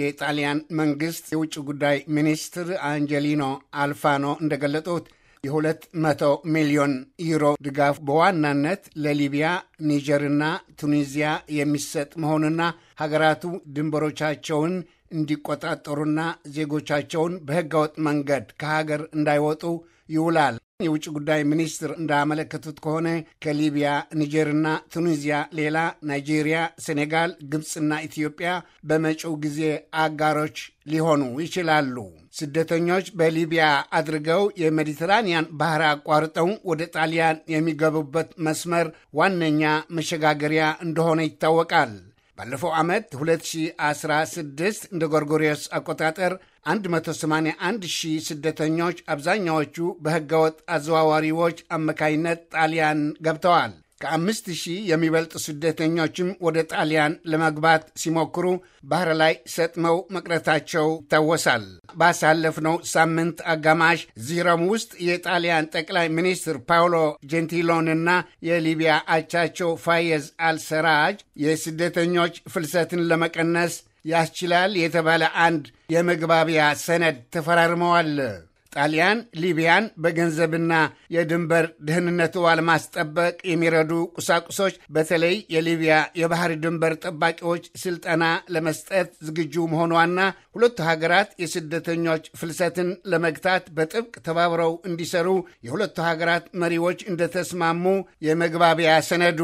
የጣሊያን መንግስት የውጭ ጉዳይ ሚኒስትር አንጀሊኖ አልፋኖ እንደገለጡት የ200 ሚሊዮን ዩሮ ድጋፍ በዋናነት ለሊቢያ፣ ኒጀርና ቱኒዚያ የሚሰጥ መሆኑና ሀገራቱ ድንበሮቻቸውን እንዲቆጣጠሩና ዜጎቻቸውን በህገወጥ መንገድ ከሀገር እንዳይወጡ ይውላል። የውጭ ጉዳይ ሚኒስትር እንዳመለከቱት ከሆነ ከሊቢያ፣ ኒጀርና ቱኒዚያ ሌላ ናይጄሪያ፣ ሴኔጋል፣ ግብፅና ኢትዮጵያ በመጪው ጊዜ አጋሮች ሊሆኑ ይችላሉ። ስደተኞች በሊቢያ አድርገው የሜዲትራንያን ባህር አቋርጠው ወደ ጣሊያን የሚገቡበት መስመር ዋነኛ መሸጋገሪያ እንደሆነ ይታወቃል። ባለፈው ዓመት 2016 እንደ ጎርጎሪዮስ አቆጣጠር 181 ሺህ ስደተኞች አብዛኛዎቹ በሕገወጥ አዘዋዋሪዎች አማካይነት ጣሊያን ገብተዋል። ከአምስት ሺህ የሚበልጥ ስደተኞችም ወደ ጣሊያን ለመግባት ሲሞክሩ ባህር ላይ ሰጥመው መቅረታቸው ይታወሳል። ባሳለፍነው ሳምንት አጋማሽ እዚህ ውስጥ የጣሊያን ጠቅላይ ሚኒስትር ፓውሎ ጀንቲሎንና የሊቢያ አቻቸው ፋየዝ አልሰራጅ የስደተኞች ፍልሰትን ለመቀነስ ያስችላል የተባለ አንድ የመግባቢያ ሰነድ ተፈራርመዋል። ጣሊያን ሊቢያን በገንዘብና የድንበር ደህንነትዋን ለማስጠበቅ የሚረዱ ቁሳቁሶች፣ በተለይ የሊቢያ የባህር ድንበር ጠባቂዎች ስልጠና ለመስጠት ዝግጁ መሆኗና ሁለቱ ሀገራት የስደተኞች ፍልሰትን ለመግታት በጥብቅ ተባብረው እንዲሰሩ የሁለቱ ሀገራት መሪዎች እንደተስማሙ የመግባቢያ ሰነዱ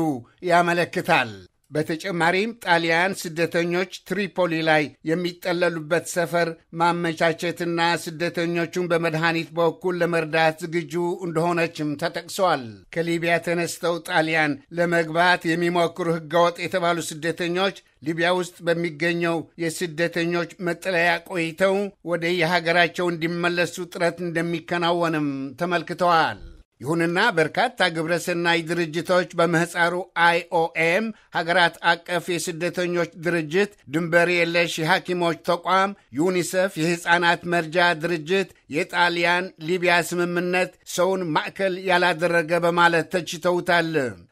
ያመለክታል። በተጨማሪም ጣሊያን ስደተኞች ትሪፖሊ ላይ የሚጠለሉበት ሰፈር ማመቻቸትና ስደተኞቹን በመድኃኒት በኩል ለመርዳት ዝግጁ እንደሆነችም ተጠቅሰዋል። ከሊቢያ ተነስተው ጣሊያን ለመግባት የሚሞክሩ ሕገወጥ የተባሉ ስደተኞች ሊቢያ ውስጥ በሚገኘው የስደተኞች መጠለያ ቆይተው ወደ የሀገራቸው እንዲመለሱ ጥረት እንደሚከናወንም ተመልክተዋል። ይሁንና በርካታ ግብረሰናይ ድርጅቶች በምህፃሩ አይኦኤም ሀገራት አቀፍ የስደተኞች ድርጅት፣ ድንበር የለሽ የሐኪሞች ተቋም፣ ዩኒሴፍ፣ የሕፃናት መርጃ ድርጅት የጣሊያን ሊቢያ ስምምነት ሰውን ማዕከል ያላደረገ በማለት ተችተውታል።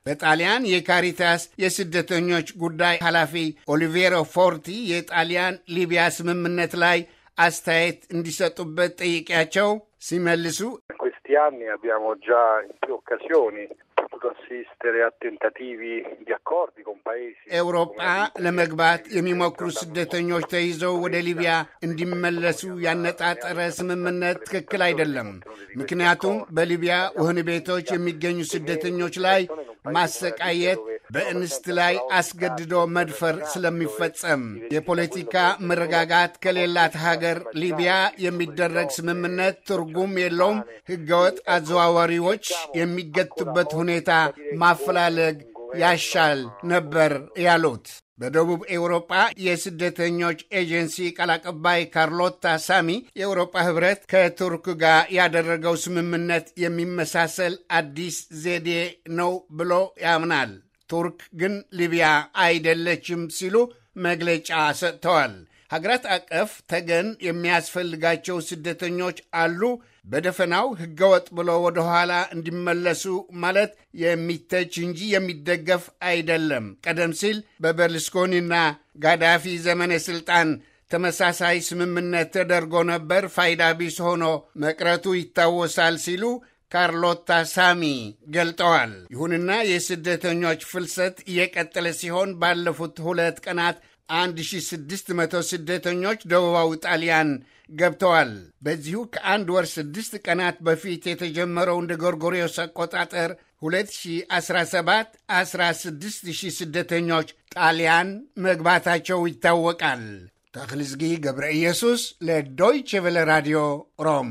በጣሊያን የካሪታስ የስደተኞች ጉዳይ ኃላፊ ኦሊቬሮ ፎርቲ የጣሊያን ሊቢያ ስምምነት ላይ አስተያየት እንዲሰጡበት ጠይቄያቸው ሲመልሱ questi anni abbiamo già in più occasioni assistere a tentativi ዲያኮርድ ኤውሮጳ ለመግባት የሚሞክሩ ስደተኞች ተይዘው ወደ ሊቢያ እንዲመለሱ ያነጣጠረ ስምምነት ትክክል አይደለም። ምክንያቱም በሊቢያ ወህኒ ቤቶች የሚገኙ ስደተኞች ላይ ማሰቃየት በእንስት ላይ አስገድዶ መድፈር ስለሚፈጸም የፖለቲካ መረጋጋት ከሌላት ሀገር ሊቢያ የሚደረግ ስምምነት ትርጉም የለውም። ሕገወጥ አዘዋዋሪዎች የሚገቱበት ሁኔታ ማፈላለግ ያሻል ነበር ያሉት በደቡብ ኤውሮጳ የስደተኞች ኤጀንሲ ቃል አቀባይ ካርሎታ ሳሚ የአውሮጳ ህብረት ከቱርክ ጋር ያደረገው ስምምነት የሚመሳሰል አዲስ ዘዴ ነው ብሎ ያምናል። ቱርክ ግን ሊቢያ አይደለችም ሲሉ መግለጫ ሰጥተዋል። ሀገራት አቀፍ ተገን የሚያስፈልጋቸው ስደተኞች አሉ፣ በደፈናው ህገወጥ ብሎ ወደ ኋላ እንዲመለሱ ማለት የሚተች እንጂ የሚደገፍ አይደለም። ቀደም ሲል በበርልስኮኒና ጋዳፊ ዘመነ ስልጣን ተመሳሳይ ስምምነት ተደርጎ ነበር፣ ፋይዳ ቢስ ሆኖ መቅረቱ ይታወሳል ሲሉ ካርሎታ ሳሚ ገልጠዋል። ይሁንና የስደተኞች ፍልሰት እየቀጠለ ሲሆን ባለፉት ሁለት ቀናት 1600 ስደተኞች ደቡባዊ ጣሊያን ገብተዋል። በዚሁ ከአንድ ወር ስድስት ቀናት በፊት የተጀመረው እንደ ጎርጎሪዮስ አቆጣጠር 2017 16000 ስደተኞች ጣሊያን መግባታቸው ይታወቃል። ተክልዝጊ ገብረ ኢየሱስ ለዶይቸ ቬለ ራዲዮ ሮም